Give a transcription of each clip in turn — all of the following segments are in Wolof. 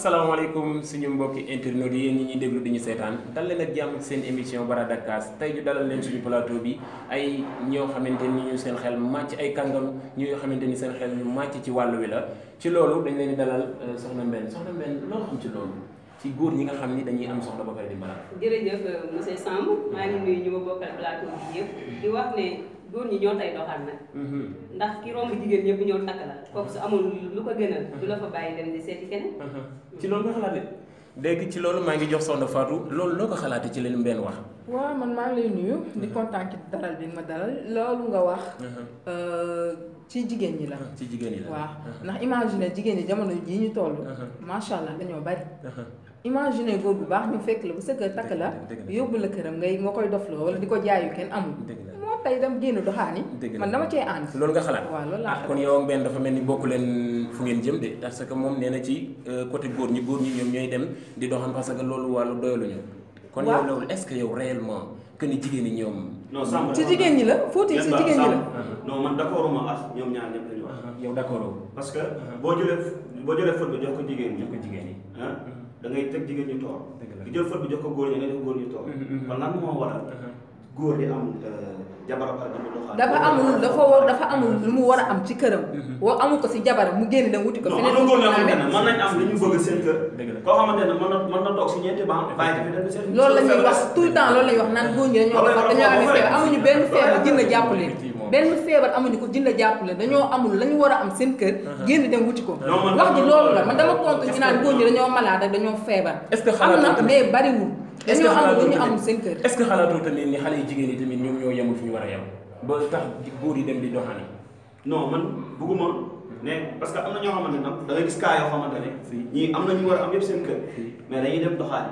asalaamaaleykum suñu mbokki internet yi yéen ñi ñuy déglu di seetaan dal leen jàmm seen émission Barada Cash tey ñu dalal leen suñu plateau bi ay ñoo xamante ni ñu seen xel màcc ay kàngam ñoo xamante ni seen xel ñu màcc ci wàll wi la ci loolu dañ leen di dalal euh, soxna Mbène soxna Mbène loo xam ci loolu ci góor ñi nga xam ni dañuy am soxla ba pare di mën a. jërëjëf euh, monsieur Samb maa ngi nuyu ñu ma bokkal plateau bi yëpp di wax ne. góor ñi ñoo tay doxal nag mhm. ndax ki romb jigéen ñëpp ñëw takk la kooku su amul lu ko gënal du la fa bàyyi dem di seeti keneen mhm. Mhm. ci loolu nga xalaatee dégg ci loolu maa ngi jox soxna Fatou loolu loo ko ci leen mbenn wax waaw man maa ngi lay nuyu di kontaan ci daral ma daral loolu nga wax euh, ci jigéen ñi la ci jigéen ñi la waaw ndax imagine jigéen ñi jamono jii ñu toll macha allah dañoo bari imagine góor bu baax ñu fekk la bu sa kër takk la yóbbu la këram ngay nga koy dofloo wala di ko jaayu kenn amul tey dem génn doxaani. man dama cee ànd. loolu nga xalaat waaw laa ah, kon yow ak benn dafa mel ni bokk leen fu ngeen jëm de parce que moom nee na ci euh, côté góor ñi góor ñoom ñooy dem di doxaan parce que loolu wàllu doyaluñu. kon yow loolu est que yow réellement que ni jigéen ñi ñoom. non Samba ci jigéen ñi la Fouti ci jigéen ñi la. non man d'accord ma ñoom ñaar ñëpp dañu wax. parce que boo jëlee boo jëlee fët bi jox ko jigéen ñi ko jigéen ñi ah, da ngay teg jigéen ñu toog. di jël fët bi jox ko góor ñi nga jox góor ñi toog. góor di am euh, jabar dafa amul dafa war dafa amul lu mu war a am ci këram. Mhm. woo amul ko si jabar mu génn dem wuti ko. feneen non am mën nañ am li ñu bëgg seen kër. dëgg la koo xamante ne loolu la wax tout le temps loolu la wax naan góor dañoo defar dañoo amul la ñu war a am seen kër. Uh-huh. génn dem wuti ko. wax ji loolu la man dama compte ñu naan góor ñi dañoo malade dañoo feebar. est que xalaat na mais bariwul est ce que xalaatoo tamit am seen kër. est ce que xalaatoo tamit ni xale yu jigéen ñi tamit ñoom ñoo yemul fu ñu war a yem ba tax góor yi dem di doxani. non man bëgguma ne parce que am na ñoo xamante ne da nga gis cas yoo xamante ne. ñii am na ñu war a am yëpp seen kër. mais dañuy dem doxaani.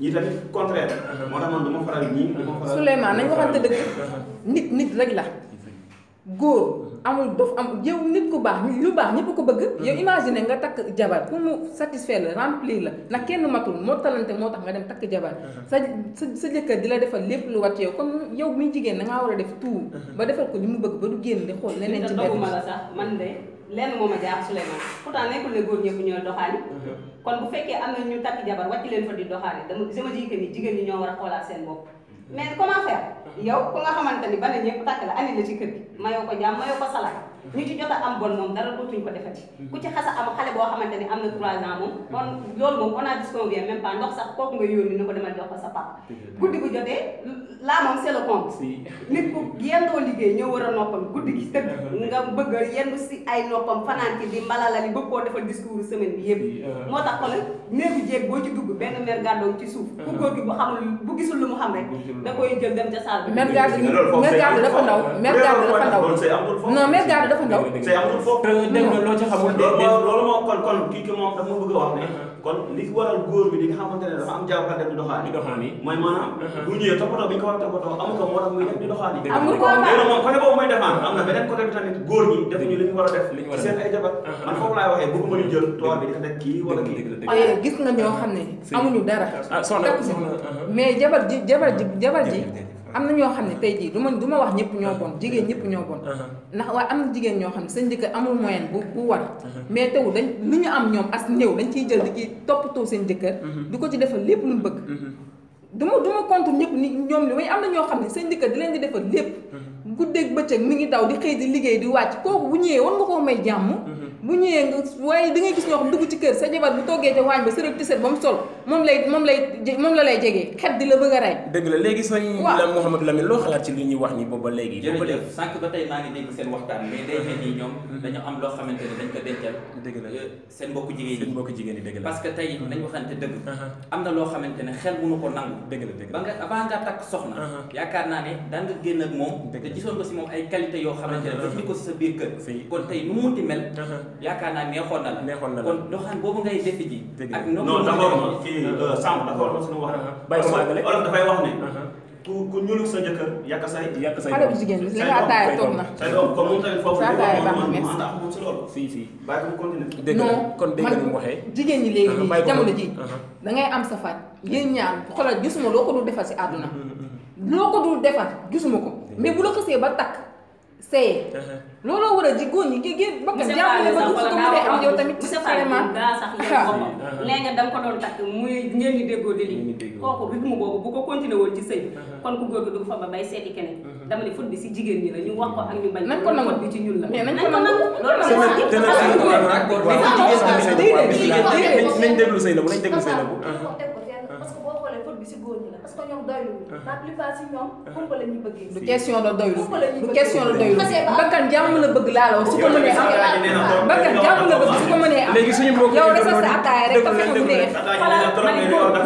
ñii tamit contraire. moo tax man du ma faral ñii du ma faral. Souleymane nañu waxante dëgg nit nit rek la. góor amul dof am yow nit ku baax lu baax ñëpp ko bëgg. Mm-hmm. yow imaginé nga takk jabar pour mu satisfaire la remplir la ndax kenn matul moo talante moo tax nga dem takk jabar. Mm-hmm. sa sa sa jëkkër di la defal lépp lu war yow comme yow muy jigéen da war a def tout. Mm-hmm. ba defal ko li mu bëgg ba du génn di xool leneen ci benn. la sax man de lenn moo ma jaax Souleymane pourtant nekkul ne góor ñëpp ñooy doxaani. kon bu fekkee am na ñu takk jabar wàcc leen fa di doxaani dama sama jigéen ñi jigéen ñi ñoo war a xoolaat seen bopp mais yow ku nga xamante ni ba ne ñëpp a la la ci kër gi mayoo ko jàmm mayoo ñu ci jot a am bon moom dara dootuñ ko defati ku ci xasa am a a bëgg koo defal discours semaine bi yëpp euh. moo tax kon néegu jéeg boo ci dugg benn mer gàddoo ci suuf ku góor gi bu xamul bu gisul lu mu xam rek da koy jël dem ca saal bi mer gàddu dafa ndaw mer gàddu dafa ndaw non mer gàddu dafa ndaw. tey amul foofu te dem na loo ci kon kon kii ki moom bëgg a wax ne. kon li waral góor bi li nga xamante ne dafa am jàppal dem di doxaani. mooy maanaam. bu ñëwee toppatoo bi ñu ko war a toppatoo amu ko moo tax muy dem di doxaani. amul ko amul loolu moom côté boobu mooy defaan am na beneen côté bi tamit góor ñi defuñu li ñu war a def. li ñu war a def seen ñu jël tool bi di ko gis nga ñoo xam ne amuñu dara. ah soxna mais jabar ji jabar ji jabar ji am na ñoo xam ne tey jii du ma du ma wax ñëpp ñoo ah. bon jigéen ñëpp ñoo bon ah. ndax waaye am na jigéen ñoo xam ne seen jëkkër amul moyen bu bu war ah. mais tewu dañ li ñu am ñoom as néew dañ ciy jël di ci toppatoo seen jëkkër di ko ci defal lépp lu bëgg du ma du ma contre ñëpp ni ñoom li way am na ñoo xam ne seen jëkkër di leen di defal lépp guddeeg bëccëg mi ngi daw di xëy di liggéey di wàcc kooku bu ñëwee wan nga koo may jàmm bu ñëwee nga waaye da ngay gis ñoo xam dugg ci kër sa jabar bu toggee ca waañ ba sërëg tiset ba mu sol moom lay moom lay moom la lay jege xet di la bëgg a rey dëgg la léegi sëñ la Mouhamed Lamine loo xalaat ci li ñuy wax ni booba léegi jërëjëf sànq ba tey maa ngi dégg seen waxtaan mais day mel ni mm-hmm. am loo xamante ne dañ ko dencal la euh, seen mbokku jigéen seen mbokku jigéen yi parce que tey mm-hmm. nañ waxante dëgg uh-huh. am na loo ne xel mënu ko nangu dëgg la avant nga takk uh-huh. naa ne daan nga génn ak moom te si moom ay qualité yoo xamante ne uh-huh. daf sa biir kon tey nu mu mel yaakaar naa neexoon na la. neexoon na la kon doxaan boobu ngay def ji. ak non non d'accord kii euh, Samb d'accord suñu wax. bay ko àggale olof dafay wax ne. Uh-huh. ku ku ñuulul sa jëkkër yàq say. yàq say xale bu jigéen bi li nga ataaya toog na. say doom kon moom tamit foofu. sa ataaya baax na merci ndax moom si loolu. fii fii bàyyi ko mu continuer. dégg nga kon dégg nga ni mu waxee. jigéen ñi léegi nii jamono ji da ngay am sa faat yéen ñaan xoolal gisuma loo ko dul defal si àdduna mm-hmm. loo ko dul defal gisuma ko mais bu la xësee ba takk sëy looloo war a ji góor ñi gi gi bakkan jàppale ba su ko mënee am yow tamit vraiment daa da nga ko doon takk muy ngeen di déggoo di lii kooku rythme boobu bu ko continué woon ci sëy kon ku góor gi dugg fa ba bay seeti keneen dama ne fut si jigéen ñi la ñu wax ko ak ñu bañ nañ ko nangu fut bi ci ñun la nañ ko nangu loolu la nañ déglu sëy la bu nañ déglu sëy la bu bi si góor ñi la parce que ñoom doyluwuñu uh-huh. la uh-huh. la ñuy question la doylu du question la doylu bakkan jàmm la bëgg laa la wax su ko mënee am bakkan jàmm la bëgg su ko mënee am yow resal sa ataaya rek ka fexe mu neex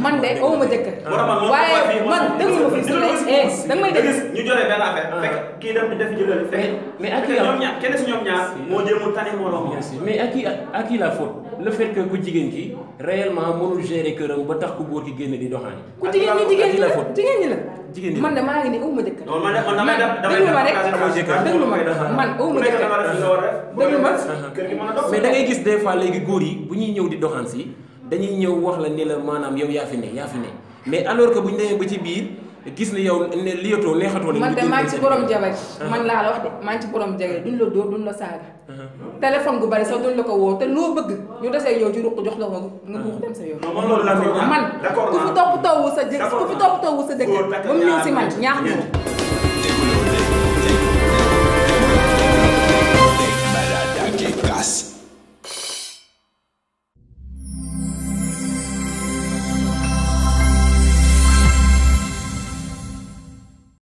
man de aw ah. ma jëkkër. waaye man dëgg ma fi si la da nga may dégg. ñu joxe benn affaire. Ah. fekk kii dem di moo jéemul tane moo la mais ak ki réellement mënul gérer ba tax ku góor ki génn di doxaan. ku la jigéen ñi la. man de maa ngi nii aw ma jëkkër. non man de man damay damay damay damay damay damay damay damay damay damay damay damay damay dañuy ñëw wax la ni la maanaam yow yaa fi ne yaa fi ne mais alors que bu ñu demee ba ci biir gis na yow ne liyatoo neexatoo la. man ah. de maa ngi ci borom jabar man laa la la dóor duñ la uh-huh. bari sax duñ la ko woo te loo bëgg ñu desee ñëw ci ruq jox la ko nga buux uh-huh. dem sa yoon. man loolu laa ah, man ku fi topp tawul sa jë ku fi topp tawul sa dëkk ba mu ñëw si man ñaax na